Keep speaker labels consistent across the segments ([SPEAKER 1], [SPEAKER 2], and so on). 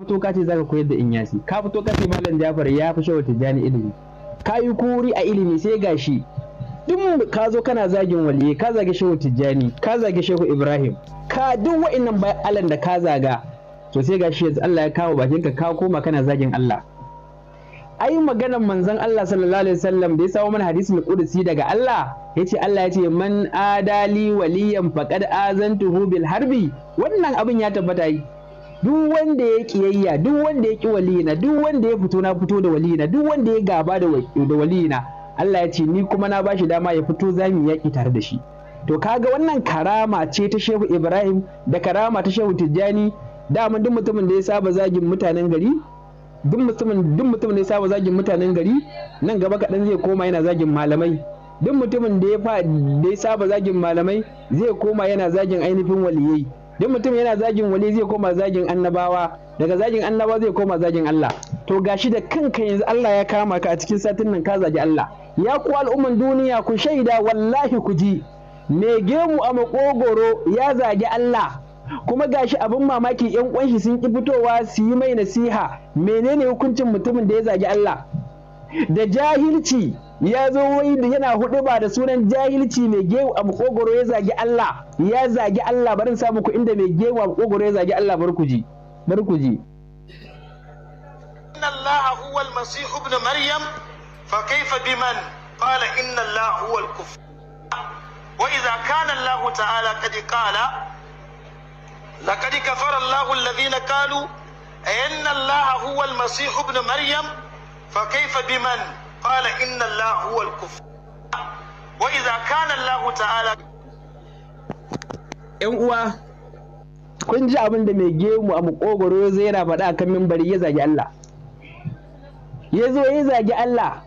[SPEAKER 1] fito ka ce zaka koyar da inyasi ka fito ka ce malam jafar ya fi shawar tijjani ilimi ka yi kuri a ilimi sai gashi duk ka zo kana zagin waliye ka zage shehu tijjani ka zage shehu ibrahim ka duk wa'annan bayan allah da ka zaga to sai gashi yanzu allah ya kawo bakin ka ka koma kana zagin allah ai maganar manzon Allah sallallahu alaihi wasallam da ya samu mana hadisi mai kudusi daga Allah Ya ce Allah yace man adali waliyan faqad azantuhu bil harbi wannan abin ya tabbata yi duk wanda ya kiyayya duk wanda ya ki waliyina duk wanda ya fito na fito da waliyina duk wanda ya gaba da waliyina Allah ya ce ni kuma na bashi dama ya fito mu yaki tare da shi to kaga wannan karama ce ta Shehu Ibrahim da karama ta Shehu Tijjani dama duk mutumin da ya saba zagin mutanen gari duk mutumin duk mutumin da ya saba zagin mutanen gari nan gaba kaɗan zai koma yana zagin malamai duk mutumin da ya saba zagin malamai zai koma yana zagin ainihin waliyai duk mutum yana zagin wali zai koma zagin annabawa daga zagin annabawa zai koma zagin Allah to gashi da kanka yanzu Allah ya kama ka a cikin satin nan ka zagi Allah ya ku al'umman duniya ku shaida wallahi ku ji me gemu a makogoro ya zagi Allah kuma gashi abin mamaki yan shi sun ki fitowa su yi mai nasiha menene hukuncin mutumin da ya zagi Allah da jahilci ya zo wai da yana hudu ba da sunan jahilci mai gewu a makogoro ya zagi Allah ya zagi Allah barin sa muku inda mai gewu a makogoro ya zagi Allah bar ku ji bar ku ji
[SPEAKER 2] inna Allah huwa al-masih ibn maryam fa kayfa biman qala inna Allah huwa al-kufr wa idha kana Allah ta'ala qad qala Allah alladhina qalu inna Allah huwa al-masih ibn maryam fa فكيف biman qala inna allaha huwa al-kuffar wa idza kana allah
[SPEAKER 1] yan uwa kun ji abin da mai gemu a makogoro ya zo yana faɗa akan mimbari ya zagi Allah ya zo ya zagi Allah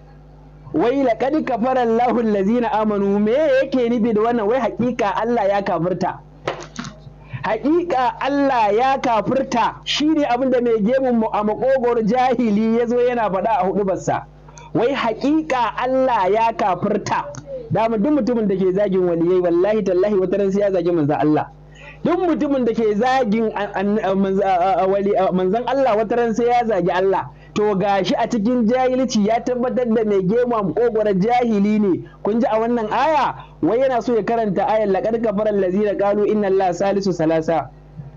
[SPEAKER 1] wai laqad kafara Allahu allazina amanu me yake nufi da wannan wai hakika Allah ya kafirta hakika Allah ya kafirta shine abin da mai gemu a makogoro jahili ya zo yana faɗa a hudubarsa wai haƙiƙa Allah ya kafirta da duk mutumin da ke zagin waliyai wallahi tallahi wata ran sai ya zagi manzon Allah duk mutumin da ke zagin manzon Allah wata ran sai ya zagi Allah to gashi a cikin jahilci ya tabbatar da mai gema makogwara jahili ne kun ji a wannan aya wai yana so ya karanta ayar laqad kafara allazina qalu inna Allah salisu salasa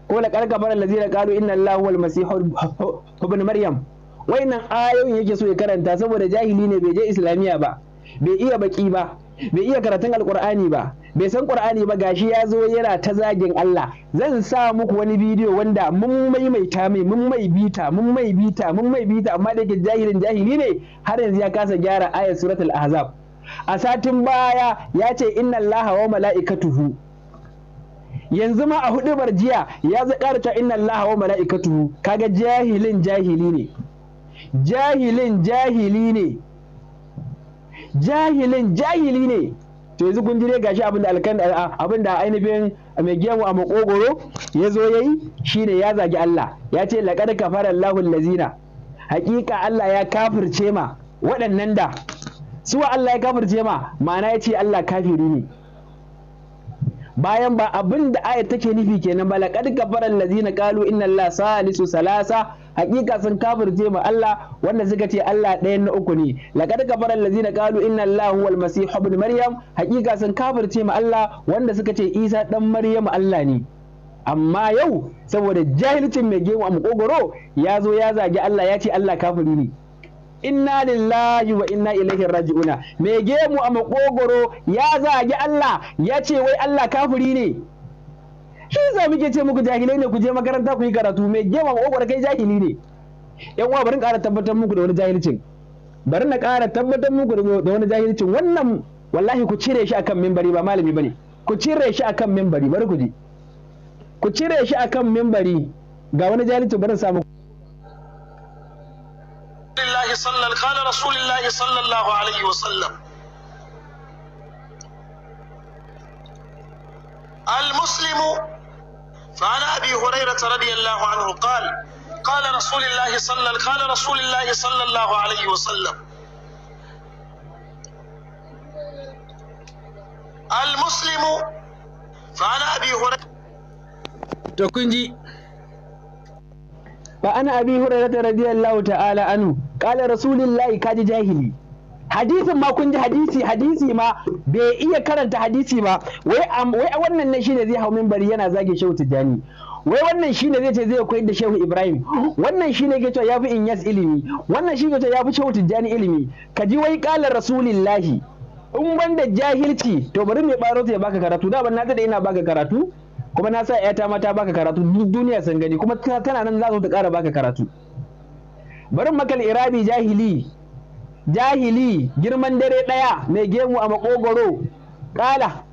[SPEAKER 1] ko laqad kafara allazina qalu inna allaha huwal masih ibn maryam wayannan ayoyin yake so ya karanta saboda jahili ne bai je islamiya ba bai iya baki ba bai iya karatun alkur'ani ba bai san qur'ani ba gashi ya zo yana ta zagin Allah zan sa muku wani bidiyo wanda mun maimaita mai mun mai bita mun mai bita mun mai bita amma da ke jahilin jahili ne har yanzu ya kasa gyara ayat suratul ahzab a satin baya ya ce inna allaha wa mala'ikatuhu yanzu ma a hudu jiya ya zaƙarta inna allaha wa mala'ikatuhu kaga jahilin jahili ne jahilin jahili ne jahilin jahili ne to yanzu kun jire gashi abinda alkan abinda ainihin mai gemu a makogoro ya zo yayi shine ya zagi Allah ya ce laqad kafara Allahu allazina hakika Allah ya kafirce ma waɗannan da Su Allah ya kafirce ma ma'ana ya ce Allah kafiri ne bayan ba abinda da ayat take nufi kenan ba laqad kafara allazina qalu inna allaha salisu salasa hakika sun kafirce ma Allah wanda suka ce Allah ɗaya na uku ne laqad kafara allazina qalu inna Allahu wal masih ibn maryam hakika sun kafirce ma Allah wanda suka ce Isa dan Maryam Allah ne amma yau saboda jahilcin mai gemu a makogoro ya zo ya zagi Allah ya ce Allah kafiri ne inna lillahi wa inna ilaihi raji'una mai gemu a makogoro ya zagi Allah ya ce wai Allah kafiri ne shi za muke ce muku jahilai ne ku je makaranta ku yi karatu mai gema ko kai jahili ne yan uwa bari ƙara tabbatar muku da wani jahilcin bari na ƙara tabbatar muku da wani jahilcin wannan wallahi ku cire shi akan mimbari ba malami bane ku cire shi akan mimbari bari ku ji ku cire shi akan mimbari ga wani jahilcin bari samu
[SPEAKER 2] الله قال رسول الله صلى الله عليه وسلم المسلم فعن أبي هريرة رضي الله عنه قال قال رسول الله صلى قال رسول الله صلى الله عليه وسلم المسلم فعن أبي هريرة
[SPEAKER 1] تكنجي فأنا أبي هريرة رضي الله تعالى عنه قال رسول الله كاد جاهلي hadisin ma kun ji hadisi hadisi ma bai iya karanta hadisi ba wai wai wannan ne shine zai hau minbari yana zage shehu tijani wai wannan shine zai ce zai koyar da shehu ibrahim wannan shine ke cewa yafi inyas ilimi wannan shine ke yafi shehu tijani ilimi ka ji wai qala rasulillahi in banda jahilci to bari mai baro ya baka karatu da ban na da ina baka karatu kuma na sa ƴata mata ta baka karatu duk duniya sun gani kuma tana nan za su ta ƙara baka karatu barin makal irabi jahili jahili girman dare ɗaya mai gemu a makogoro ƙala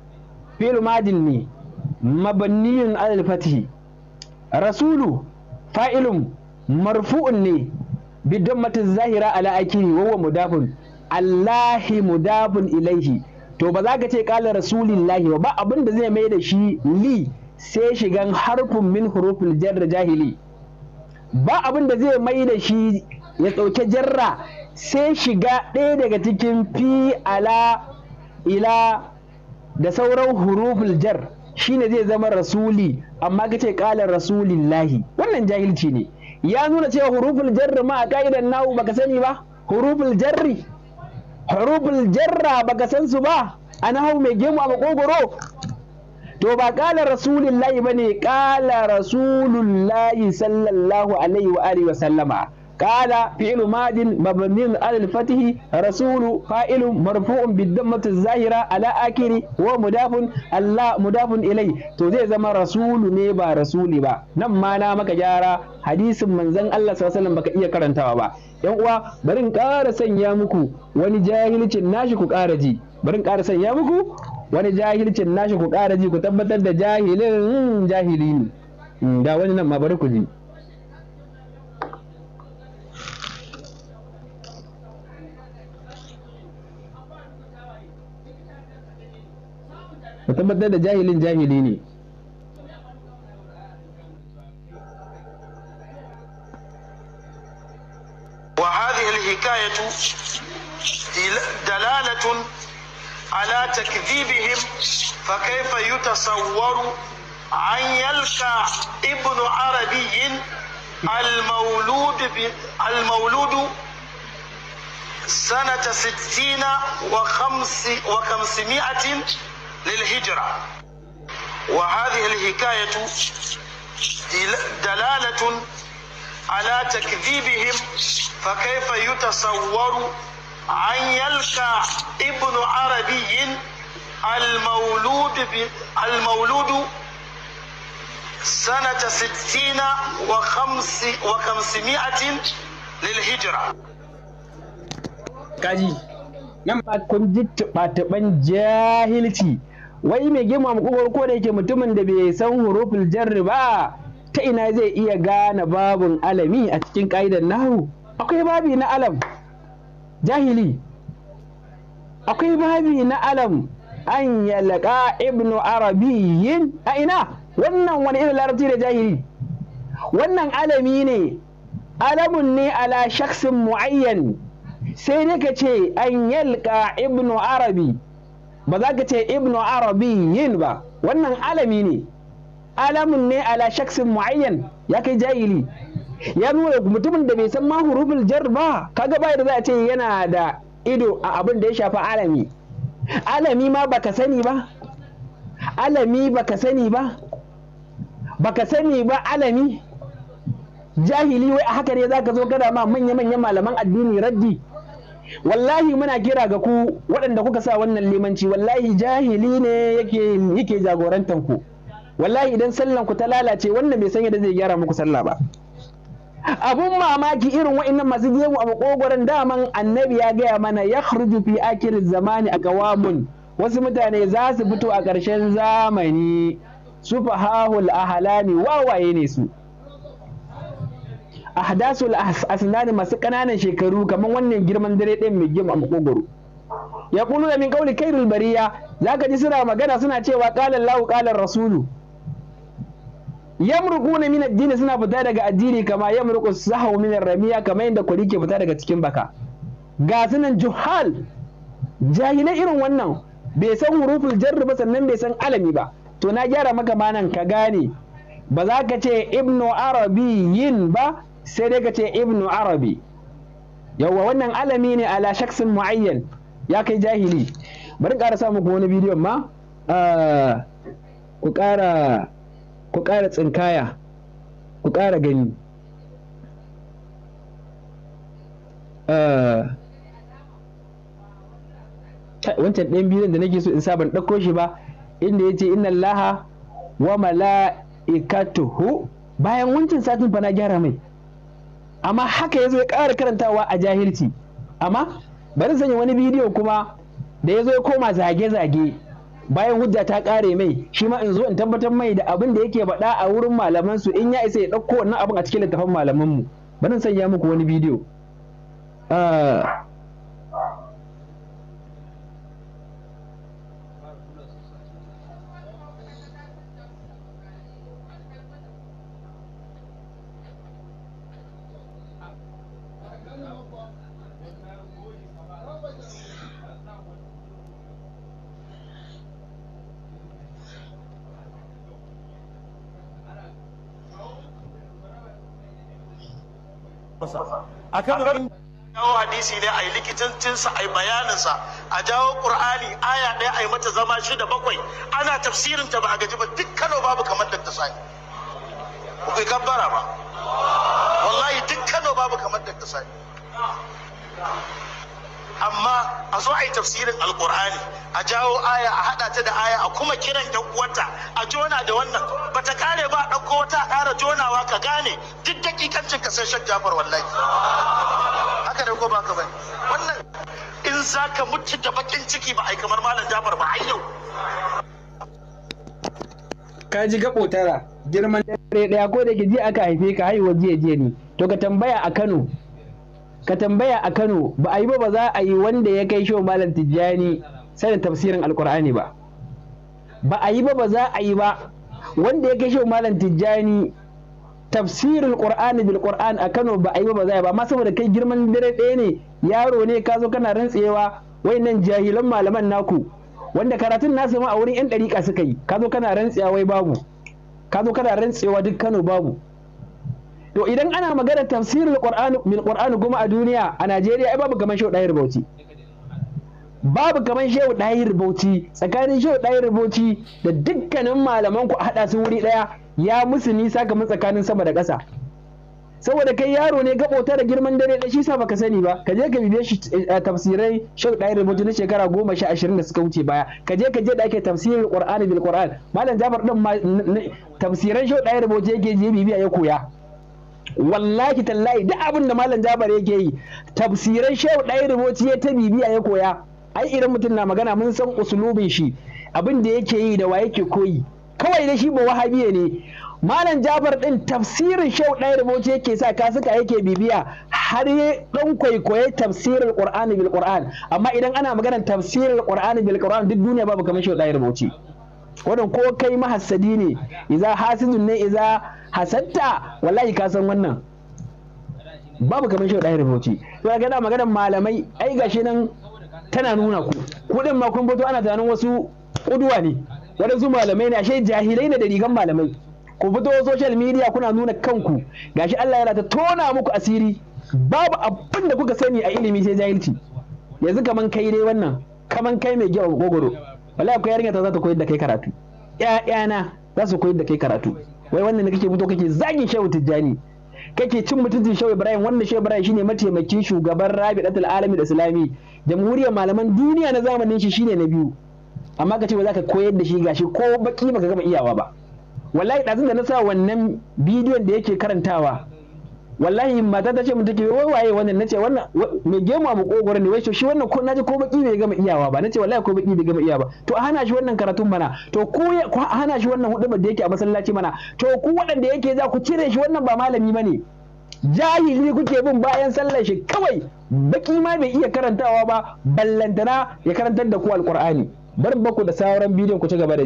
[SPEAKER 1] fil madin ne mabanniyun alal rasulu fa'ilun marfu'un ne bidon matin zahira ala wawa mudafin. allahi mudafin ilaihi to ba za ka ce ƙala rasulillahi ba abin da zai mai da shi li sai shigan harfin min hurufin jarra jahili ba abin da zai mai da shi ya ɗauke jarra sai shiga ɗaya daga cikin fi ala ila da sauran huruful jar shine zai zama rasuli amma kace rasulin lahi wannan jahilci ne ya nuna cewa huruful jar ma a ka'idan nawu baka sani ba huruful jarri huruful jarra baka san su ba a nahu mai gemu a makogoro to ba ba ne bane rasulun lahi sallallahu alaihi wa alihi wa sallama قال فعل ماد مبني على الفتح رسول فاعل مرفوع بالضمة الظاهرة على آخره ومضاف الله مضاف إليه تو زي زما رسول ne ba rasuli ba nan ma na maka gyara hadisin manzon Allah sallallahu alaihi wasallam iya karantawa ba yan uwa bari in ƙara sanya muku wani jahilcin nashi ku ƙara ji bari ƙara sanya muku wani jahilcin nashi ku ƙara ji ku tabbatar da jahilin jahili ne da wani nan ma bari ku ji ka tabbatar جاهلين
[SPEAKER 2] وهذه الحكاية دلالة على تكذيبهم فكيف يتصور أن يلقى ابن عربي المولود المولود سنة ستين وخمس وخمسمائة للهجرة وهذه الهكاية دلالة على تكذيبهم فكيف يتصور أن يلقى ابن عربي المولود المولود سنة ستين وخمس وخمسمائة للهجرة
[SPEAKER 1] كاجي nan ba kun ji tuɓa wai mai girma makogwar ko da yake mutumin da bai san huruful jarri ba ta ina zai iya gane babun alami a cikin ƙa'idar nahu akwai babi na alam jahili akwai babi na alam an yalaka ibnu arabiyyin a ina wannan wani irin larabci da jahili wannan alami ne alamun ne ala shaksin mu'ayyan sai ne ka ce an yalka ibnu arabi ba za ka ce ibnu arabiyin ba wannan alami ne alamun ne ala shaksin muayyan ya kai jahili ya nuna mutumin da bai san ma hurufin jar ba kaga bai da za a ce yana da ido a abin da ya shafi alami alami ma baka sani ba alami baka sani ba baka sani ba alami jahili wai a haka ne za ka zo gada ma manya-manyan malaman addini raddi wallahi muna kira ga ku waɗanda kuka sa wannan limanci wallahi jahili ne yake jagorantar ku wallahi idan sallan ku ta lalace wannan bai san yadda zai gyara muku sallah ba abun mamaki irin wa'annan masu gemu a makogoron daman annabi ya gaya mana ya fi akirin zamani a gawamun wasu mutane za su fito a ƙarshen zamani su fahahul ahalami wawaye ne su ahdasul asnani masu kananan shekaru kamar wannan girman dare ɗin mai girma makogoro ya kulu da min kauli kairul bariya zaka ji suna magana suna cewa qala Allahu qala rasulu yamruquna min ad-din suna fita daga addini kama yamruqu sahaw min ramiya kama yadda kwari ke fita daga cikin baka ga sunan juhal jahilai irin wannan bai san huruful jarri ba sannan bai san alami ba to na gyara maka manan ka gane ba za ka ce ibnu arabiyin ba sai dai ka ce ibnu arabi yawwa wannan alami ne ala shaksin mu'ayyan ya kai jahili bari ƙara sa muku wani bidiyon ma ah, ku ƙara ku ƙara tsinkaya ku ƙara gani ah, wancan ɗayan bidiyon da nake so in saban ɗauko shi ba inda yace ce inna laha wa mala'ikatuhu bayan wancan satin fa na gyara mai amma haka ya zo ya ƙara karantawa a jahilci amma bari sanya wani bidiyo kuma da ya zo ya koma zage-zage bayan hujja ta ƙare mai shi ma in zo in tabbatar mai da abin da yake faɗa a wurin malaman su in ya isa ya ɗauko wannan abin a cikin littafin malaman mu bari sanya muku wani bidiyo ah,
[SPEAKER 2] masa akan abin kawo hadisi ne a yi likitancinsa a yi bayaninsa a jawo ƙur'ani aya ɗaya a yi mata zama shida bakwai ana tafsirinta ba a gaji ba duk kano babu kamar da ta sani ku kai gabbara ba wallahi duk kano babu kamar da ta sani amma a zo a yi tafsirin alkur'ani a jawo aya a haɗa ta da aya a kuma kiran yan uwarta a jona da wannan bata kare ba a ɗauko wata ƙara jonawa ka gane duk dakikancin ka sai shan jafar wallahi haka da ko ba ka bane wannan in za ka mutu da bakin ciki ba ai kamar malam jafar ba ai yau
[SPEAKER 1] ka ji gabo tara girman dare daya ko da ke ji aka haife ka haihuwar jiya jiya ne to ka tambaya a Kano ka tambaya a Kano ba a yi ba ba za a yi wanda ya kai shehu malam Tijjani sanin tafsirin Alkur'ani ba ba a yi ba ba za a yi ba wanda ya kai shehu malam Tijjani tafsirin Qur'ani bil Qur'an a Kano ba a yi ba ba za a yi ba amma saboda kai girman dare ɗaya ne yaro ne ka zo kana rantsewa wayannan jahilan malaman naku wanda karatun nasu ma a wurin yan ɗariƙa suka yi ka zo kana rantsewa wai babu ka zo kana rantsewa duk Kano babu to idan ana magana tafsirul qur'an min qur'an goma a duniya a Najeriya ai babu kaman shehu ɗaya rubauci babu kaman shehu ɗaya rubauci tsakanin shehu ɗaya rubauci da dukkanin malaman ku a haɗa su wuri ɗaya ya musu nisa kamar tsakanin sama da ƙasa saboda kai yaro ne ta da girman dare da shi sa baka sani ba ka je ka bibiye shi eh, tafsirai shehu ɗaya na shekara goma sha ashirin da suka wuce baya ka je ka je da ake tafsirin qur'an bil qur'an malam jabar din ma tafsiran shau ɗaya yake je bibiya ya koya wallahi tallahi duk abin da malam jabar yake yi tafsiran shehu ɗaya rubuci ya ta bibiya ya koya ai idan mutum na magana mun san usulubin shi abin da yake yi da wa yake koyi kawai da shi ba wahabiya ne malam jabar din tafsirin shehu ɗaya rubuci yake sa kasuka yake bibiya har ya dan kwaikwaye tafsirin qur'ani bil qur'an amma idan ana maganar tafsirin qur'ani bil qur'an duk duniya babu kamar shehu ɗaya rubuci wannan ko kai mahassadi ne iza hasidun ne iza hasatta wallahi ka san wannan babu kamar shi da rubuci to ga da magana malamai ai gashi nan tana nuna ku kudin ma kun fito ana tunanin wasu kuduwa ne wadansu malamai ne ashe jahilai ne da rigan malamai ku fito social media kuna nuna kanku gashi Allah yana ta tona muku asiri babu abin da kuka sani a ilimi sai jahilci yanzu kaman kai dai wannan kaman kai mai gyara gogoro wallahi akwai yarinya ta za ta koyar da kai karatu ƴaƴana za su koyar da kai karatu wai wannan da kake fito kake zagin shehu tijjani kake cin mutuncin shehu ibrahim wannan shehu ibrahim shine mataimakin shugaban rabi da alami da islami jamhuriyar malaman duniya na zamanin shi shine na biyu amma ka ce ba za ka koyar da shi gashi ko baki baka gama iyawa ba wallahi ɗazun da na sa wannan bidiyon da yake karantawa wallahi mata ta ce mun take wai waye wannan nace wannan me gemu a makogoro ne wai shi wannan ko naji ko baki bai gama iyawa ba nace wallahi ko baki bai gama iyawa ba to a hana shi wannan karatun mana to ku a hana shi wannan hudu da yake a masallaci mana to ku waɗanda yake za ku cire shi wannan ba malami bane jahili kuke bin bayan sallar shi kawai baki ma bai iya karantawa ba ballantana ya karantar da ku alqur'ani bar baku da sauran bidiyon ku ci gaba da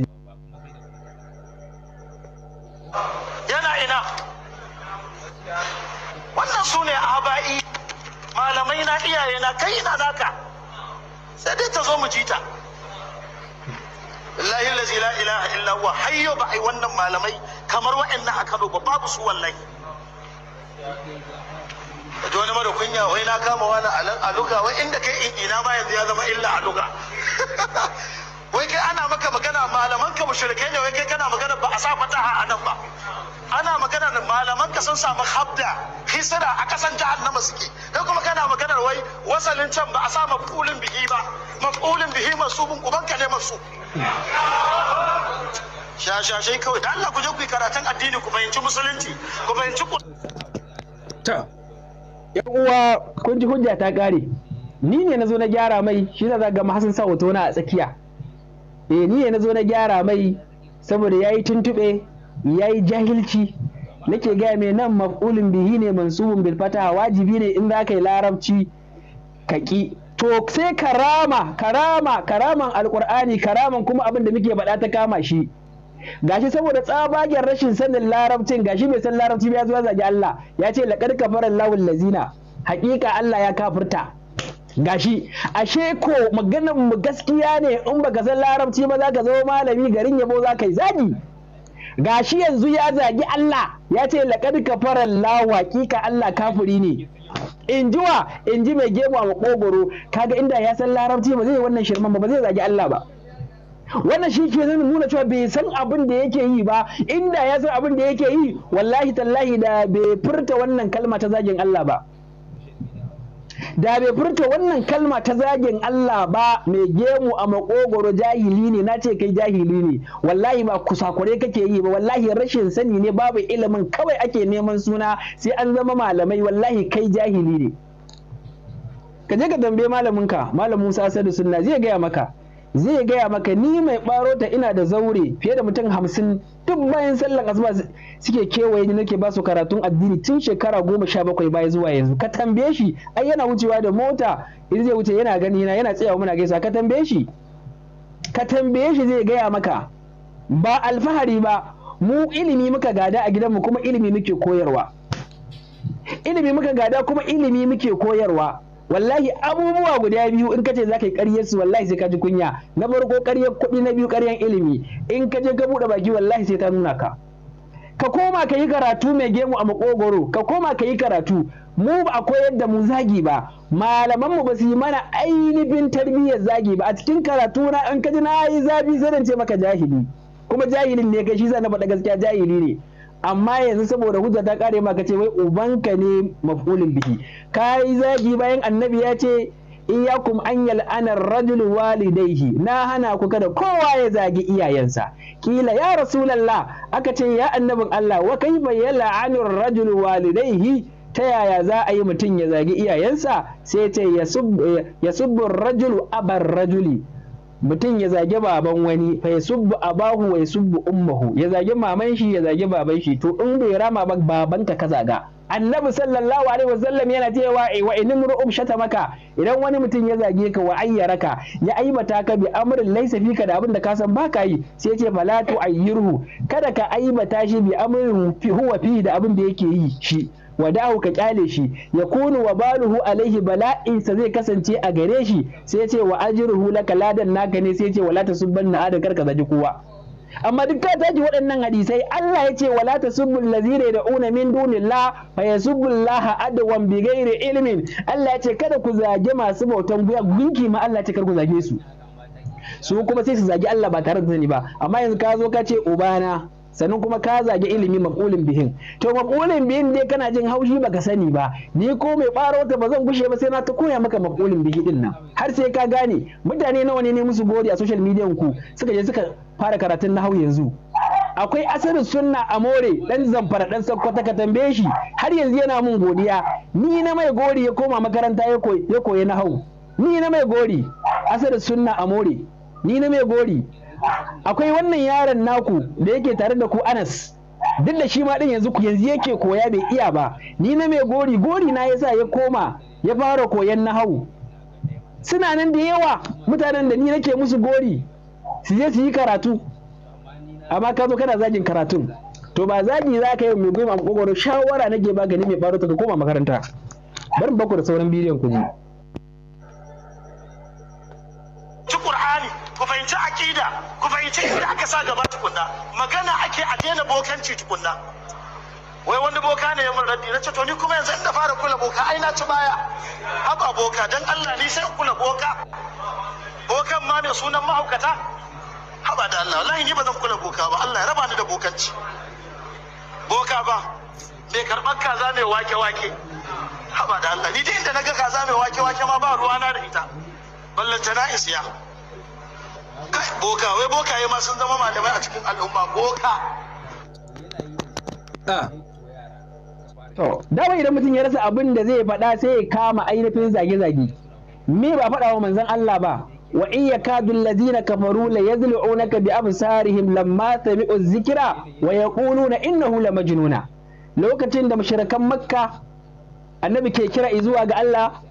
[SPEAKER 2] iyaye na kai ina naka sai dai ta zo mu ji ta billahi allazi la ilaha illa huwa hayyo ba ai wannan malamai kamar wa'annan a Kano ba babu su wallahi da wani mara kunya wai na kama wani aluga wai inda kai ina ba yanzu ya zama illa aluga wai kai ana maka magana malaman ka mushrikai ne wai kai kana magana ba a sa fataha a nan ba ana magana malaman ka sun samu habda hisira a kasan jahannama suke dan kuma kana maganar wai wasalin can ba a sa mafulin bihi ba mafulin bihi masubun ka ne masu shashashai kawai da Allah ku je ku yi karatun addini ku fahimci musulunci ku fahimci ku
[SPEAKER 3] ta
[SPEAKER 1] yan uwa kun ji hujja ta kare ni ne na zo na gyara mai shi ne ga mahasin sa hoto na a tsakiya eh ni ne na zo na gyara mai saboda yayi tuntube yayi jahilci nake gaya mai nan maf'ulin bihi ne mansubun bil fataha wajibi ne in za ka yi larabci ka ki to sai karama karama karaman alkur'ani karaman kuma abin da muke faɗa ta kama shi gashi saboda tsabagen rashin sanin larabcin gashi mai san larabci ba ya zuwa zagi Allah ya ce laqad kafara lawul lazina. haƙiƙa Allah ya kafirta gashi ashe ko maganar mu gaskiya ne in baka san larabci ba za ka zama malami garin yabo za ka yi zagi gashi yanzu ya zagi Allah ya ce ka fara lawa hakika Allah kafuri ne in ji wa in ji mai gemu a makogoro kaga inda ya san larabci ba zai wannan shirman ba ba zai zagi Allah ba wannan shi ke nuna cewa bai san abin da yake yi ba inda ya san abin da yake yi wallahi tallahi da bai furta wannan kalma ta zagin Allah ba da bai furta wannan kalma ta zagin Allah ba mai gemu a makogoro jahili ne na ce kai jahili ne wallahi ba kusakure kake yi ba wallahi rashin sani ne babu ilimin kawai ake neman suna sai an zama malamai wallahi kai jahili ne Kaje ka dambe malaminka malamin Musa da Sunna zai gaya maka zai gaya maka ni mai ɓaro ta ina da zaure fiye da mutum hamsin duk bayan sallan asuba suke kewaye ni nake su karatun addini tun shekara goma sha bakwai baya zuwa yanzu ka tambaye shi ai yana wucewa da mota in zai wuce yana gani yana yana tsayawa muna gaisa ka tambaye shi ka tambaye shi zai gaya maka ba alfahari ba mu ilimi muka gada a gidanmu kuma ilimi muke koyarwa ilimi muka gada kuma ilimi muke koyarwa wallahi abubuwa guda biyu in kace zaka yi ƙaryar su wallahi sai ka ji kunya na farko ƙaryar kuɗi na biyu ƙaryar ilimi in ka je ka buɗe baki wallahi sai ta nuna ka ka koma ka yi karatu mai gemu a makogoro ka koma ka yi karatu mu ba a koyar da mu zagi ba malaman mu ba su yi mana ainihin tarbiyyar zagi ba a cikin karatu na an kaji na yi zabi sai ce maka jahili kuma jahilin ne kai shi zan na faɗa gaskiya jahili ne amma yanzu saboda hujja ta kare ma kace wai ubanka ne maf'ulin bihi kai zagi bayan annabi ya ce iyakum an yal'ana rajul walidaihi na hana ku kada kowa ya zagi iyayensa kila ya rasulullah aka ce ya annabin Allah wa kaifa yal'anu rajul walidaihi ta yaya za a yi mutum ya zagi iyayensa sai ta ya eh, subbin rajulu abar rajuli mutum ya zage baban wani fa ya a abahu wa ya subu ummahu. ya zage maman shi ya zage baban shi to in bai rama ba babanka ka zaga annabi sallallahu alaihi wasallam yana cewa eh, wa in ru'um shatamaka idan wani mutum ya zage ka wa ayyaraka ya aibata ka bi amrin laysa fika da abin da ka san baka yi sai ya ce falatu ayi ayyirhu kada ka aibata shi bi amrin huwa fi da abin da yake yi shi wa da'ahu ka kyale shi ya kunu wa baluhu alaihi bala'insa zai kasance a gare shi sai ce wa ajruhu laka ladan naka ne sai ce wala na ada karka zaji kowa amma duk ka taji waɗannan hadisai Allah ya ce wala tasubbul da una min dunillah fa yasubbullaha adwan ghairi ilmin Allah ya ce kada ku zage masu bautan guya gunki ma Allah ya ce kar ku zage su su kuma sai su zagi Allah ba tare da sani ba amma yanzu ka zo ka ce ubana sannan kuma ka zagi ilimi makulin bihin to makulin bihin dai kana jin haushi baka sani ba ni ko mai ɓara wata ba zan gushe ba sai na ta koya maka makulin bihi din nan har sai ka gane mutane nawa ne ne musu gori a social media ku suka je suka fara karatun hau yanzu akwai asirin sunna a more dan zamfara dan sakkwata ka tambaye shi har yanzu yana mun godiya ni na mai gori ya koma makaranta ya koyi na hau. ni na mai gori asirin sunna a more ni na mai gori akwai wannan yaron naku da yake tare da ku anas duk da shi ma din yanzu yanzu yake koya bai iya ba ni na mai gori gori na yasa ya koma ya fara koyan nahau suna nan da yawa mutanen da ni nake musu gori su je su yi karatu amma ka zo kana zagin karatun to ba zagi za ka yi mai goma kokoro shawara nake ba gani mai baro ka koma makaranta bari baku da sauran bidiyon ku ji
[SPEAKER 2] ku fahimci aƙida ku fahimci inda aka sa gaba tukunna magana ake a daina bokanci tukunna wai wani boka ne ya mun raddi na ce to ni kuma yanzu inda fara kula boka ai na ci baya haba boka dan Allah ni sai kula boka bokan ma mai sunan mahaukata haba da Allah wallahi ni ba zan kula boka ba Allah ya raba ni da bokanci boka ba mai karɓar kaza mai wake-wake haba da Allah ni dai inda na ga kaza mai wake-wake ma ba ruwana da ita ballantana isiya boka wai bokaye ma sun zama malamai a cikin al'umma boka
[SPEAKER 1] ah. dama idan mutum ya rasa abin da zai faɗa sai ya kama ainihin zage-zage me ba faɗa wa manzon Allah ba wa in yakadu allazina kafaru la yadlu'unaka bi absarihim lamma sami'u dhikra wa yaquluna innahu la majnuna lokacin da mushrikan makka annabi ke kira zuwa ga Allah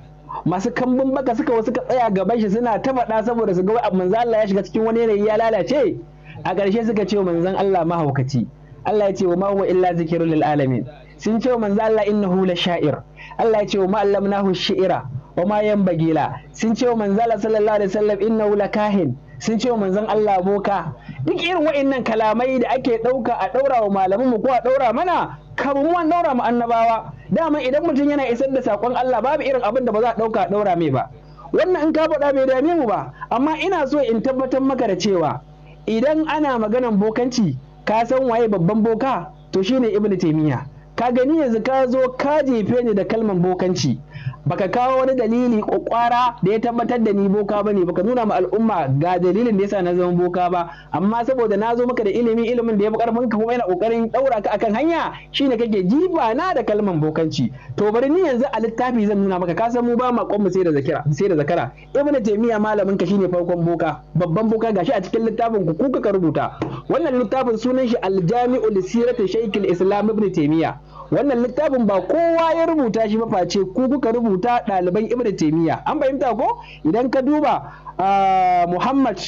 [SPEAKER 1] masu kambun baka suka wasu tsaya gaban shi suna ta faɗa saboda su ga wai manzo Allah ya shiga cikin wani yanayi ya lalace a ƙarshe suka ce manzon Allah mahaukaci Allah ya ce wa ma illa zikirul lil alamin sun ce manzo Allah innahu la sha'ir Allah ya ce wa ma shi'ira wa ma yanbaghi la sun ce manzo Allah sallallahu alaihi wasallam innahu la kahin sun ce manzon Allah boka duk irin wa'annan kalamai da ake ɗauka a ɗaura wa malaman mu ko a ɗaura mana kafin mu daura mu annabawa dama idan mutum yana isar da sakon Allah babu irin abin da ba za a dauka daura mai ba wannan in ka faɗa bai dame mu ba amma ina so in tabbatar maka da cewa idan ana maganan bokanci ka san waye babban boka to shine ibnu taymiya ka gani yanzu ka zo ka jefe ni da kalman bokanci baka kawo wani dalili kwakwara da ya tabbatar da ni boka bane baka nuna ma al'umma ga dalilin da yasa na zama boka ba amma saboda na zo maka da ilimi ilimin da ya bukar ka kuma yana kokarin daura ka akan hanya shine kake jiba na da kalman bokanci to bari ni yanzu a littafi zan nuna maka ka san mu ba makon mu sai da zakira sai da zakara ibnu taymiya malamin ka shine farkon boka babban boka gashi a cikin littafin ku ka rubuta wannan littafin sunan shi aljami'u jamiu li sirati shaykh al-islam ibnu taymiya wannan littafin ba kowa ya rubuta shi ba face ku kuka rubuta ɗaliban ibn taimiyya an fahimta ko idan ka duba ah, muhammad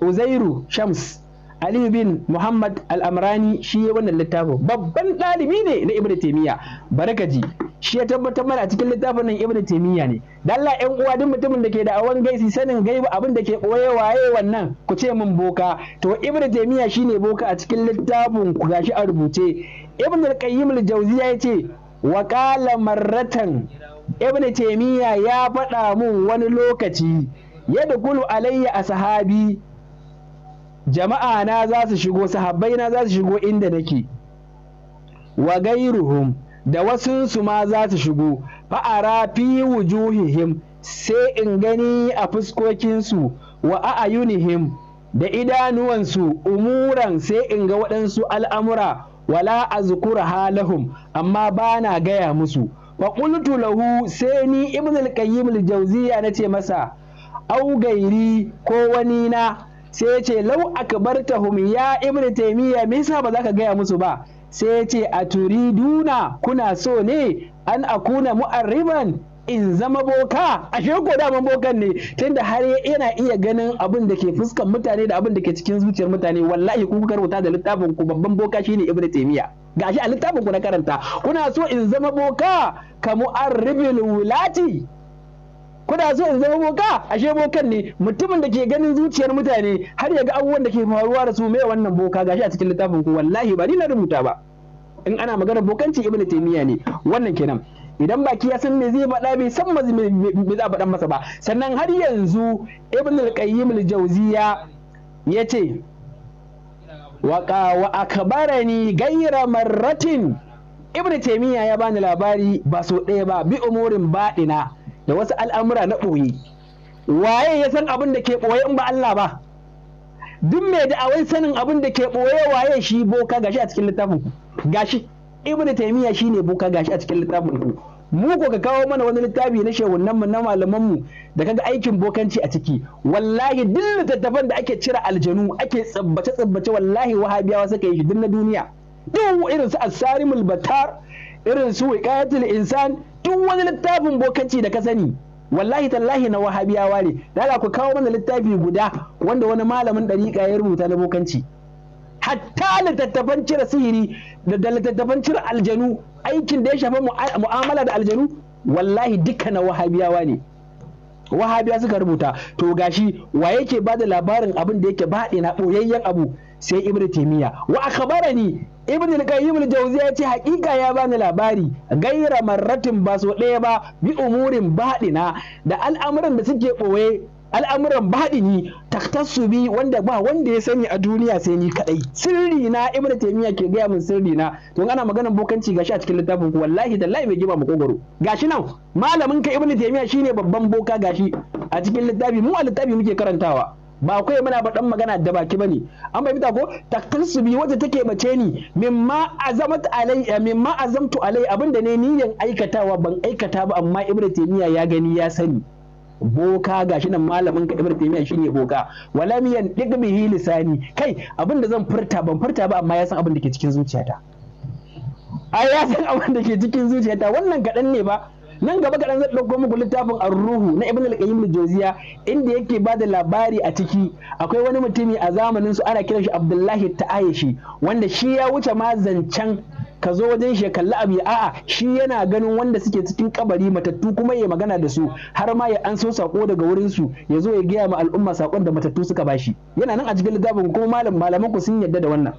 [SPEAKER 1] uzairu shams ali bin muhammad al'amrani shi ya wannan littafin babban ɗalibi ne na ibn taimiyya barakaji shi ya tabbatar mana a cikin littafin nan ibn taimiyya ne dalla yan uwa duk mutumin da ke da awan gaisi sanin gaiba abin da ke boye waye wannan ku ce min boka to ibn taimiyya shine boka a cikin littafin ku gashi a rubuce ibn al-qayyim al-jawziya yace wa qala marratan ibn taymiya ya faɗa mun wani lokaci yadda kulu alayya a sahabi jama'a na za su shigo sahabbai na za su shigo inda nake wa gairuhum da su ma za su shigo fa'ara fi wujuhihim sai in gani a fuskokinsu wa a'ayunihim da idanuwansu umuran sai in ga waɗansu al'amura wala azkura halahum amma ba na gaya musu fa lahu sai ni ibn al-qayyim al-jawziya nace masa au gairi ko wani na sai ya ce lau akbartahum ya ibn taymiya me yasa ba zaka gaya musu ba sai ya ce a turiduna kuna so ne an akuna mu'arriban in zama boka ashe ko daman bokan ne tunda har yana iya ganin abin da ke fuskan mutane da abin da ke cikin zuciyar mutane wallahi ku kuka rubuta da littafin ku babban boka shine ibn taymiya gashi a littafin ku na karanta kuna so in zama boka ka mu'arribil wulati kuna so in zama boka ashe bokan ne mutumin da ke ganin zuciyar mutane har ya ga abubuwan da ke faruwa da su mai wannan boka gashi a cikin littafin ku wallahi ba ni na rubuta ba in ana maganar bokanci ibn taymiya ne wannan kenan idan baki ya san me zai faɗa bai san me za a faɗa masa ba sannan har yanzu ibn al-qayyim al-jawziya yace wa wa akbarani ghayra marratin ibn taymiya ya bani labari ba so ɗaya ba bi umurin baɗina da wasu al'amura na ɓoye waye ya san abin da ke ɓoye in ba Allah ba duk da awai sanin abin da ke ɓoye waye shi boka gashi a cikin littafin gashi ibnu taymiya shine buka gashi a cikin littafin ku mu ko ka kawo mana wani littafi na shehunan mu na malaman mu da kaga aikin bokanci a ciki wallahi duk littattafan da ake cire aljanu ake tsabbace tsabbace wallahi wahabiyawa suka yi shi duk na duniya duk irin su asarimul batar irin su wiqayatul insan duk wani littafin bokanci da ka sani wallahi tallahi na wahabiyawa ne da ku kawo mana littafi guda wanda wani malamin dariƙa ya rubuta na bokanci hatta littattafan cire sihiri da littattafan cire aljanu aikin da ya shafa mu'amala da aljanu wallahi duka na wahabiyawa ne wahabiya suka rubuta to gashi wa yake ba da labarin abin da yake baɗi na ɓoyayyen abu sai ibn taymiya wa akhbarani ibn al-qayyim al-jawziya yace haƙiƙa ya bani labari gaira marratin ba so ɗaya ba bi umurin baɗina da al'amuran da suke ɓoye al'amuran baɗini taktassu bi wanda ba wanda ya sani a duniya sai ni kaɗai. sirri na ibnu taymiya ke gaya min sirri na don ana maganar bokanci gashi a cikin littafin ku wallahi lai bai giba kogoro gashi nan malamin ka ibnu taymiya shine babban boka gashi a cikin littafi mu a littafi muke karantawa ba kawai muna ba dan magana da baki bane an bai fita ko taktassu bi wanda take bace ni mimma azamat alai eh, mimma azamtu alai abinda ne niyan aikatawa ban aikata ba amma ibnu taymiya ya gani ya sani boka ga shi nan malamin ka ibnu taymiya shine boka walam yandiq bihi lisani kai abinda zan furta ban furta ba amma ya san abin da ke cikin zuciyata ai ya san abin ke cikin zuciyata wannan kaɗan ne ba nan gaba kaɗan zan ɗauko muku littafin ar-ruhu na ibn al-qayyim inda yake ba da labari a ciki akwai wani mutumi a zamanin su ana kiran shi abdullahi ta'ayishi wanda shi ya wuce ma zancen ka zo wajen shi ya kalli abu a'a shi yana ganin wanda suke cikin kabari matattu kuma ya magana da su har ma ya anso so sako daga wurin su ya zo ya gaya ma al'umma sakon da matattu suka bashi yana nan a cikin littafin kuma malam malaman ku sun yadda da wannan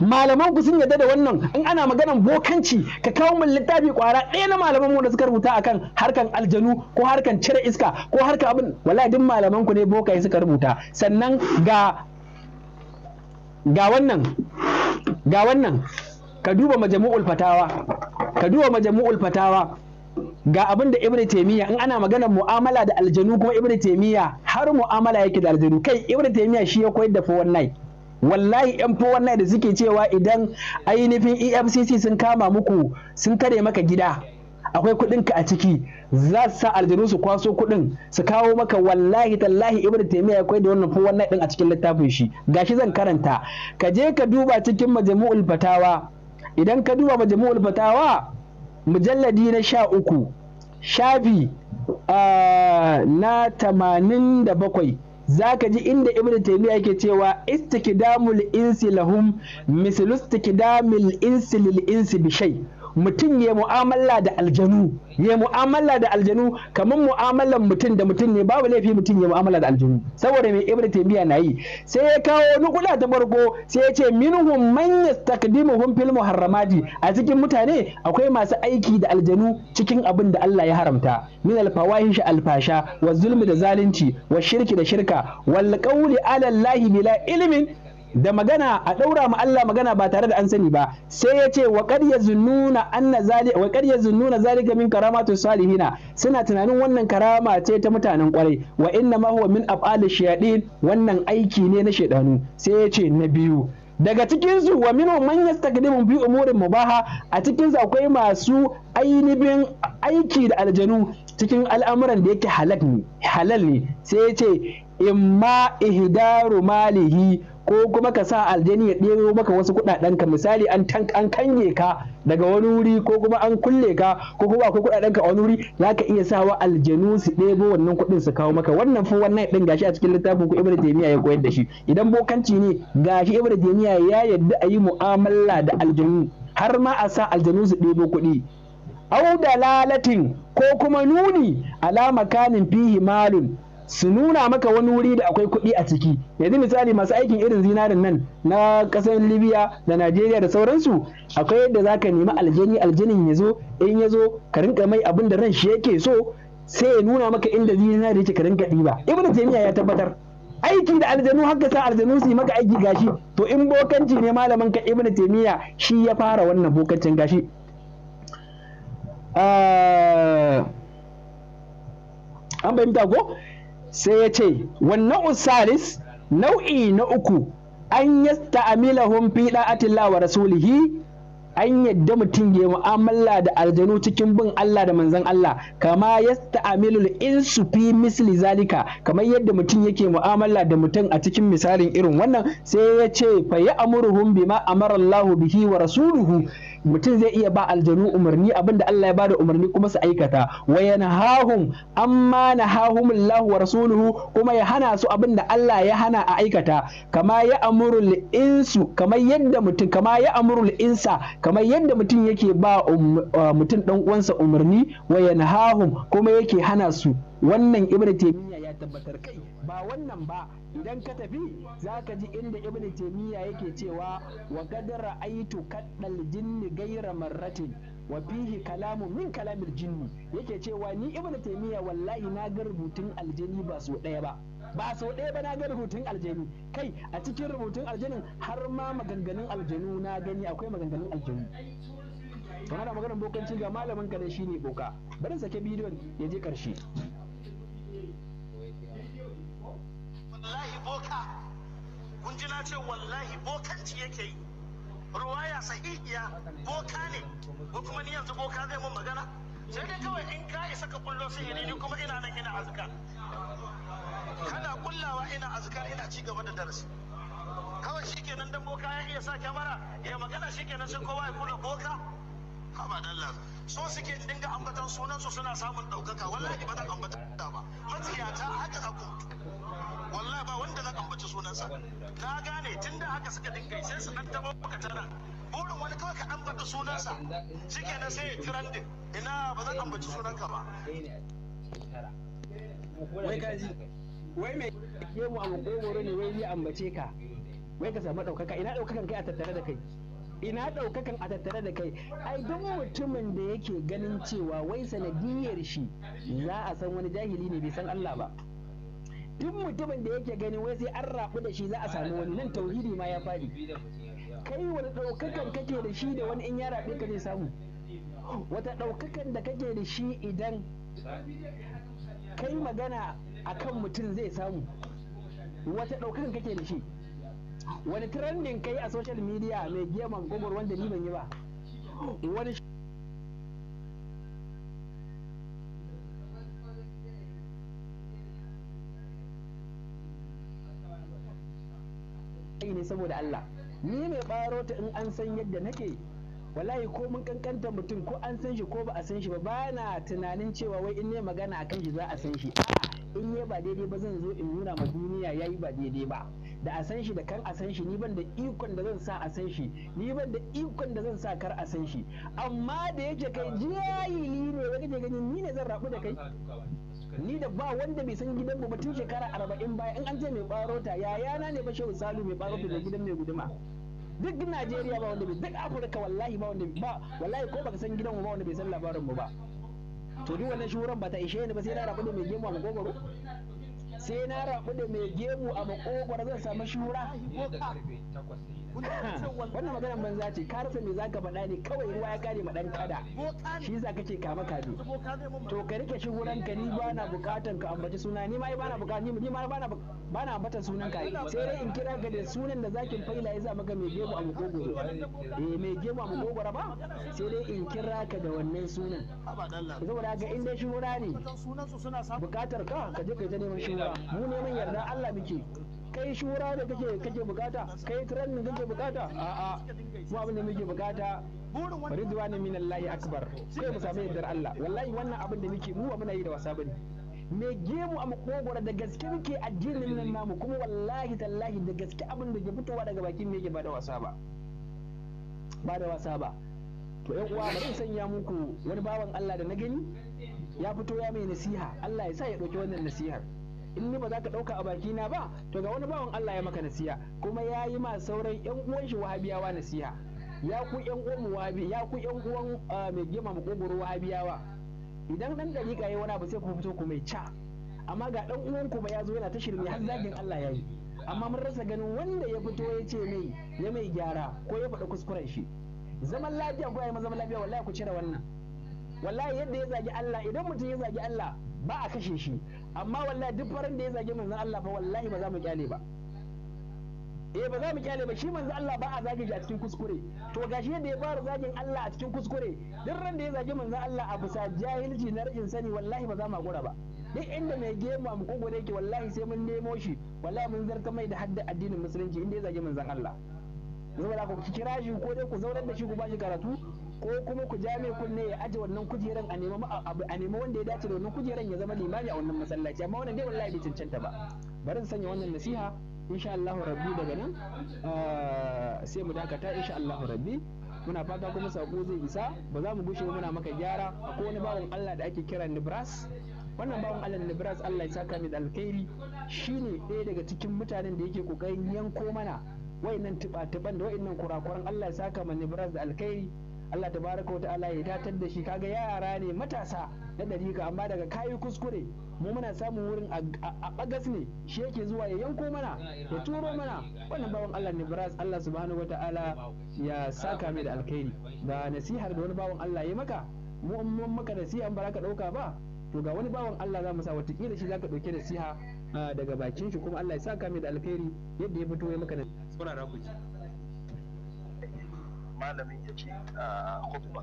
[SPEAKER 1] malaman ku sun yadda da wannan in ana maganan bokanci ka kawo min littafi kwara ɗaya na malaman mu da suka rubuta akan harkan aljanu ko harkan cire iska ko harkan abin wallahi duk malaman ku ne bokaye suka rubuta sannan ga ga wannan ga wannan ka duba majamu'ul fatawa ka duba majamu'ul fatawa ga abin da ibnu taymiya in ana magana mu'amala da aljanu kuma ibnu taymiya har mu'amala yake da aljanu kai ibnu taymiya shi ya koyar da 419. wallahi yan 419 da suke cewa idan ainihin EFCC sun kama muku sun kare maka gida akwai kuɗin ka a ciki za su sa aljanu su kwaso kuɗin su kawo maka wallahi tallahi ibn taymiya akwai da wannan wannan din a cikin littafin shi gashi zan karanta ka je ka duba cikin majmu'ul fatawa idan ka duba majmu'ul fatawa mujalladi na sha uku shafi na tamanin da bakwai za ka ji inda ibn taymiya yake cewa istikdamul insi lahum mislu istikdamil insi lil insi bi mutum ya mu'amala da aljanu ya mu'amala da aljanu kamar mu'amalan mutum da mutum ne babu laifi mutum ya mu'amala da aljanu saboda mai ibnu taymiya na yi sai ya kawo kula ta farko sai ya ce minhum man yastakdimuhum fil muharramati a cikin mutane akwai masu aiki da aljanu cikin abin da Allah ya haramta min al fawahish al fasha wa zulmi da zalunci wa shirki da shirka wal qawli ala allahi bila ilmin da magana a ɗaura ma Allah magana ba tare da an sani ba sai ya ce wa ƙarya zununa anna zali wa ƙarya zununa zalika min karamatu salihina suna tunanin wannan karama ce ta mutanen ƙwarai wa inna ma huwa min af'ali shayadin wannan aiki ne na shaidanu sai ya ce na biyu daga cikin su wa minhum man yastakdimu bi umurin mubaha a cikin su akwai masu ainihin aiki da aljanu cikin al'amuran da yake halal ne halal ne sai ya ce imma ihdaru malihi ko kuma ka sa aljani ya ɗero maka wasu kuɗaɗen ka misali an an kange ka daga wani wuri ko kuma an kulle ka ko kuma akwai kuɗaɗen ka a wani wuri za ka iya sawa aljanu su ɗebo wannan kuɗin su kawo maka wannan fa wannan ɗin gashi a cikin littafin ku ibnu jami'a ya koyar da shi idan bokanci ne gashi ibnu jami'a ya yadda a yi mu'amala da aljanu har ma a sa aljanu su ɗebo kuɗi au lalatin ko kuma nuni alama kanin fihi malun su nuna maka wani wuri da akwai kuɗi a ciki yanzu misali masu aikin irin zinarin nan na ƙasar libya da najeriya da sauransu akwai yadda za ka nemi aljani aljanin ya zo in ya zo ka rinka mai abin da ran shi yake so sai ya nuna maka inda zinari yake ka rinka ɗiba ibnu taymiya ya tabbatar aiki da aljanu haka sa aljanu su yi maka aiki gashi to in bokanci ne malamin ka ibnu taymiya shi ya fara wannan bokancin gashi ah, an fahimta ko sai ya ce wannan usalis nau'i na uku an ya ta'amilahum fi da'atillah wa rasulihi an yadda mutum ya mu'amala da aljanu cikin bin Allah da manzon Allah kama ya in su fi misli zalika kamar yadda mutum yake mu'amala da mutum a cikin misalin irin wannan sai ya ce fa ya amuruhum bima amara Allah bihi wa rasuluhu mutum zai iya ba aljanu umarni abinda Allah ya ba da umarni kuma su aikata wa yanhahum amma nahahum Allah wa rasuluhu kuma ya hana su abinda Allah ya hana a aikata kama ya amuru insu kamar yadda mutum kama ya amuru insa kamar yadda mutum yake ba um, uh, mutum ɗan'uwansa umarni wa yanhahum kuma yake hana su wannan ibnu taymiya tabbatar kai ba wannan ba idan ka tafi za ka ji inda ibn taimiyya yake cewa wa gadara aitu kaddal jinni gaira marratin wa fihi kalamu min kalamil jinni yake cewa ni ibn taimiyya wallahi na ga rubutun aljini ba so ɗaya ba ba sau ɗaya ba na ga rubutun aljini kai a cikin rubutun aljinin har ma maganganun aljinu na gani akwai maganganun aljanu kamar maganar bokanci ga malamin ka ne shine boka bari sake bidiyon ya je karshe
[SPEAKER 2] boka kun ji na ce wallahi bokanci yake yi ruwaya sahihiya boka ne ko kuma ni yanzu boka zai mun magana sai dai kawai in ka isa ka kullo sai ni kuma ina nan ina azka kana kullawa ina azka ina ci gaba da darasi kawai shikenan dan boka ya iya sa kyamara ya magana shikenan sai kowa ya kula boka haba dalla so suke dinga ambatan sunan su suna samun daukaka wallahi ba zan ambata ba matsiyata haka za ku wallahi ba wanda zan ambaci sunansa na gane tunda haka suka dinga sai su dan taba baka tana burin wani kawai ka ambata sunansa shikenan sai trending ina ba zan ambaci sunanka ba
[SPEAKER 3] wai kaji
[SPEAKER 1] wai me ke mu a gogoro ne wai ni ambace ka wai ka samu ɗaukaka ina ɗaukakan kai a tattare da kai ina ɗaukakan a tattare da kai ai duk mutumin da yake ganin cewa wai sanadiyar shi za a san wani jahili ne bai san Allah ba duk mutumin da yake gani wai sai an rabu da shi za a samu wani nan tauhidi ma ya faɗi kai wani ɗaukakan kake da shi da wani in ya raɓe ka zai samu wata ɗaukakan da kake da shi idan kai magana a kan mutum zai samu wata ɗaukakan kake da shi wani trending kai a social media mai giyaman gogor wanda ni ban yi ba wani
[SPEAKER 3] saboda Allah ni ne
[SPEAKER 1] baro ta in an san yadda nake wallahi ko mun kankanta mutum ko an san shi ko ba a san shi ba ba na tunanin cewa wai in ne magana akan shi za a san shi in yi ba daidai ba zan zo in nuna ma duniya ya yi ba daidai ba da a san shi da kan a san shi ni ban da ikon da zan sa a san shi ni ban da ikon da zan sa kar a san shi amma da yake kai jahili ne wani da gani ni ne zan rabu da kai ni da ba wanda bai san gidan mu ba tun shekara arba'in baya in an ce mai barota ya yana ne ba shehu salu mai barota da gidan mai guduma duk Najeriya ba wanda bai duk Afirka wallahi ba wanda ba wallahi ko baka san gidan mu ba wanda bai san labarin mu ba to duk wannan shuran ba ta ishe ni ba sai na rabu da mai gemu a makogoro
[SPEAKER 3] sai na rabu da mai gemu a makogoro zan samu shura wannan
[SPEAKER 1] maganar banza ce ka rasa me zaka faɗa ne kawai ruwa ya kare ma dan kada
[SPEAKER 2] shi yasa kake kama kaji to ka rike shi wurin ka ni bana bukatan
[SPEAKER 1] ka ambaci suna ni ma bana bukatan ni ma bana bana ambatan sunan ka sai dai in kira ka da sunan da zakin faila ya sa maka mai gemu a makogoro eh mai gemu a makogoro ba sai dai in kira ka da wannan sunan
[SPEAKER 2] saboda haka inda dai shura ne bukatar ka ka je ka ta neman shura mu neman yarda Allah
[SPEAKER 1] muke kai shura da kake kake bukata kai training kake bukata a'a mu abin da muke bukata ridwanu minallahi akbar sai mu sami yardar Allah wallahi wannan abin da muke mu muna yi da wasa bane me gemu a makogoro da gaske muke addinin nan namu kuma wallahi tallahi da gaske abin da ke fitowa daga bakin me ke ba da wasa ba ba da wasa ba to ɗan uwa bari sanya muku wani bawan Allah da na gani ya fito ya mai nasiha Allah ya sa ya ɗauki wannan nasihar in ni ba za ka ɗauka a baki na ba to ga wani bawan Allah ya maka nasiha kuma ya yi ma sauran yan uwan shi wahabiyawa nasiha ya ku yan uwan wahabi ya ku ƴan uwan ah, mai gima makogoro wahabiyawa idan dan dariƙa yayi wani abu sai ku fito ku mai ca amma ga dan uwan ku ba ya zo yana ta shirme har zagin Allah ya yi amma mun rasa ganin wanda ya fito ya ce mai ya mai gyara ko ya faɗi kuskuren shi zaman lafiya ko ya yi zaman lafiya wallahi ku cire wannan wallahi yadda ya zagi Allah idan mutum ya zagi Allah ba a kashe shi amma wallahi duk farin da ya zagi manzon Allah fa wallahi ba za mu kyale ba eh ba za mu kyale ba shi manzon Allah ba a zagi shi a cikin kuskure to gashi yadda ya fara zagin Allah a cikin kuskure duk ran da ya zagi manzon Allah a bisa jahilci na rashin sani wallahi ba za mu gura ba duk inda mai gema mu kogo yake wallahi sai mun nemo shi wallahi mun zarta mai da hadda addinin musulunci inda ya zage manzon Allah da ku kira shi ko dai ku zaunar da shi ku bashi karatu ko kuma ku ja mai kunne ya aje wannan kujeran a nema a wanda ya dace da wannan kujeran ya zama limami a wannan masallaci amma wannan dai wallahi bai cancanta ba bari in sanya wannan nasiha insha Allahu rabbi daga nan ah, sai mu dakata insha Allahu rabbi muna fata kuma sako zai isa ba za mu gushe muna maka gyara akwai wani bawan Allah da ake kira Nibras wannan bawan Allah Nibras Allah ya saka ni da alkhairi shine ɗaya daga cikin mutanen da yake kokarin yanko mana wayannan tuba-tuban da wayannan kurakuran Allah ya saka mana Nibras da alkhairi Allah tabaraka wa ta'ala ya datar da shi kaga yara ne matasa na dariƙa amma daga kayi kuskure mu muna samun wurin a bagas ne shi yake zuwa ya yanko mana ya turo mana wannan bawan Allah ne baras Allah subhanahu wa ta'ala ya saka mai da alkhairi ba nasihar da wani bawan Allah ya maka mu mun maka nasiha ba ka dauka ba to ga wani bawan Allah za mu sa watakila shi zaka dauke nasiha ah, daga bakin shi kuma Allah ya saka mai da alkhairi yadda ya fito ya maka nasiha
[SPEAKER 3] malamin ce a ah, khutba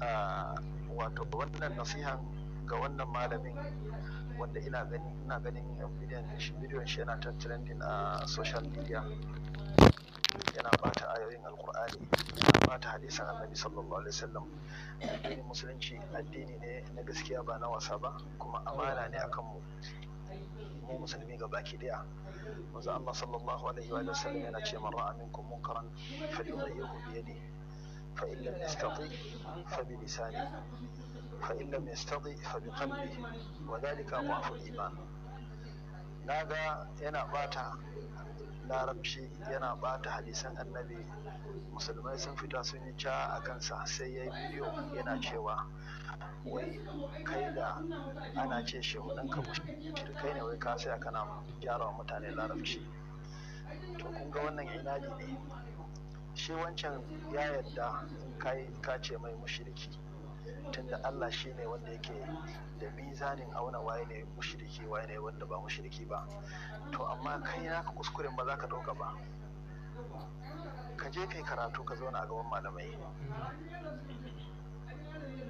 [SPEAKER 3] ah, wato wannan nasiha ga wannan malamin wanda ina gani ina ganin bidiyon shi bidiyon shi yana ta trending a social media yana bata ayoyin alkur'ani yana bata hadisan annabi sallallahu alaihi wasallam addinin musulunci addini ne na gaskiya ba na wasa ba kuma amana ne akan mu mu musulmi ga baki daya manzo Allah sallallahu alaihi wa sallam yana ce man ra'a minkum munkaran falyughayyirhu bi yadihi fa in lam yastati fa bi lisani fa in lam yastati fa bi qalbi wa dhalika dha'fu al-iman naga yana bata larabci yana bata hadisan annabi musulmai sun fita sun yi ca a kansa sai ya yi bidiyo yana cewa wai kai da ana ce shehudan ka kai ne wai ka saya kana gyara wa mutane larabci to kun ga wannan inadi ne shi wancan ya yadda in ka ce mai mushiriki tunda Allah shi ne wanda yake da mizanin auna waye ne mushriki waye ne wanda ba mushriki ba to amma kai na ka kuskure ba za ka ɗauka ba ka je kai karatu ka zauna a gaban malamai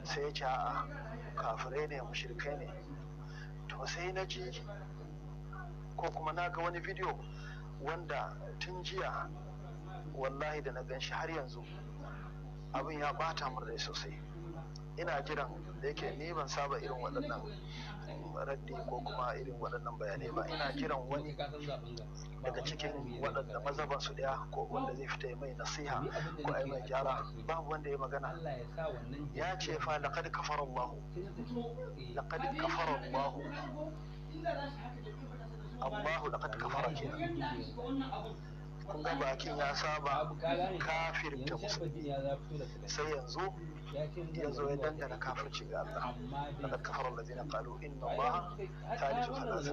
[SPEAKER 3] sai ya ce a'a kafirai ne mushrikai ne to sai na ji ko kuma na ga wani bidiyo wanda tun jiya wallahi da na gan shi har yanzu abin ya bata min rai sosai ina jiran da yake ni ban saba irin waɗannan raddi ko kuma irin waɗannan bayanai ba ina jiran wani daga cikin waɗanda mazaban su ɗaya ko wanda zai fita mai nasiha ko ai mai gyara babu wanda ya magana ya ce fa laqad kafara Allah laqad kafara Allah Allah laqad kafara kenan kun ga bakin ya saba kafirta musulmi sai yanzu ya zo ya dangana kafirci ga Allah laqad kafara allazina qalu inna allaha thalithu thalatha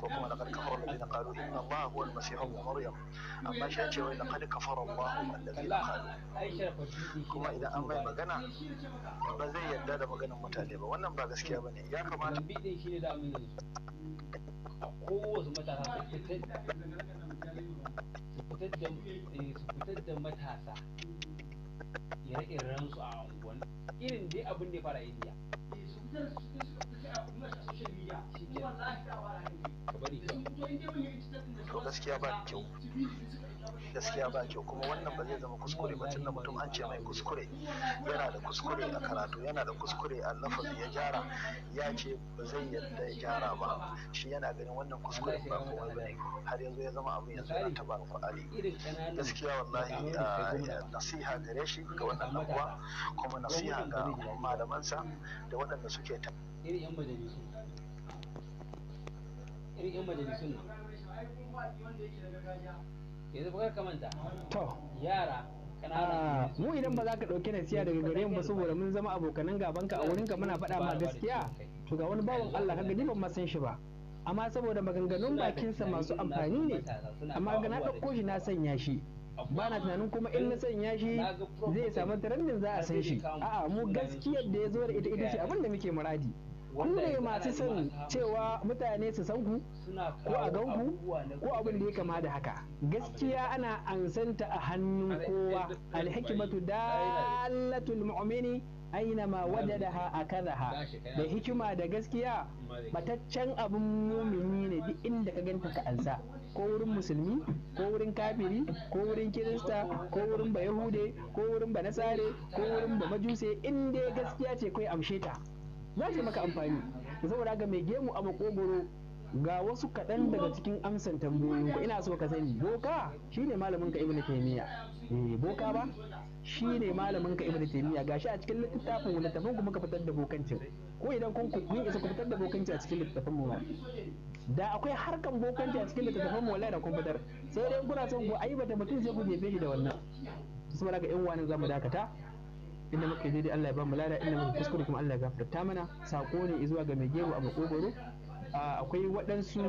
[SPEAKER 3] ko kuma laqad kafara allazina qalu inna allaha huwa al-masih ibn maryam amma shi ce wai laqad kafara qalu kuma idan an magana ba zai yarda da maganar mutane ba wannan ba gaskiya bane ya kamata kowace eh, su fitar da matasa ire-iren su a unguwan irin dai abin da ya fara indiya gaskiya ba kyau gaskiya ba kyau kuma wannan ba zai zama kuskure ba tunda mutum an ce mai kuskure yana da kuskure a karatu yana da kuskure a lafazi ya gyara ya ce ba zai yadda ya gyara ba shi yana ganin wannan kuskure ba ba bane har yanzu ya zama abin yanzu ta ba ku alƙur'ani gaskiya wallahi ah, nasiha gare shi ga wannan dan kuma nasiha ga malamansa da waɗanda suke ta irin yan majalisun nan
[SPEAKER 1] Ah, mu idan ba za ka ɗauki nasiya daga gare mu ba saboda mun zama abokanan gaban ka a wurin ka muna faɗa ma gaskiya to ga wani bawan Allah kaga ni ban san shi ba amma saboda maganganun bakinsa masu amfani ne amma ga na ɗauko shi na sanya shi ba na tunanin kuma in na sanya shi zai samu tarandin za a san shi a'a mu gaskiyar da ya zo da ita ita ce abin da muke muradi
[SPEAKER 3] ku ne masu son cewa
[SPEAKER 1] mutane su san ku ko a gan ku ko abin da ya kama da haka gaskiya ana ansanta a hannun kowa alhikimatu dalatul mu'mini aina ma wajadaha akadaha da hikima da gaskiya bataccen abin mumini ne duk inda ka ganta ka ansa ko wurin musulmi ko wurin kafiri ko wurin kirista ko wurin bayahude ko wurin banasare ko wurin bamajuse inda gaskiya ce kai amshe ta za ta maka amfani saboda ga mai gemu a makogoro ga wasu kaɗan daga cikin amsan tambayoyin ina so ka sani boka shine malamin ka ibnu taymiya eh boka ba shine malamin ka ibnu taymiya gashi a cikin littafin wanda tafin kuma muka fitar da bokancin ko idan kun ku kun isa ku fitar da bokanci a cikin littafin mu da akwai harkan bokanci a cikin littafin mu wallahi da kun fitar sai dai kuna son ku aibata mutum sai ku jefe shi da wannan saboda ga yan wani zamu dakata inda muka daidai Allah ya ba mu lada inda muka kuskure kuma Allah ya gafarta mana sako ne zuwa ga mai gero a makogoro akwai waɗansu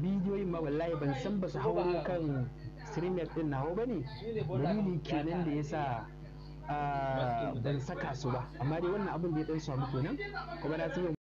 [SPEAKER 1] bidiyoyin ma wallahi ban san ba su hauro kan streamer din nawa ba ne
[SPEAKER 3] dalili kenan da yasa
[SPEAKER 1] ban saka su ba amma dai wannan abin da ya ɗan samu kenan kuma na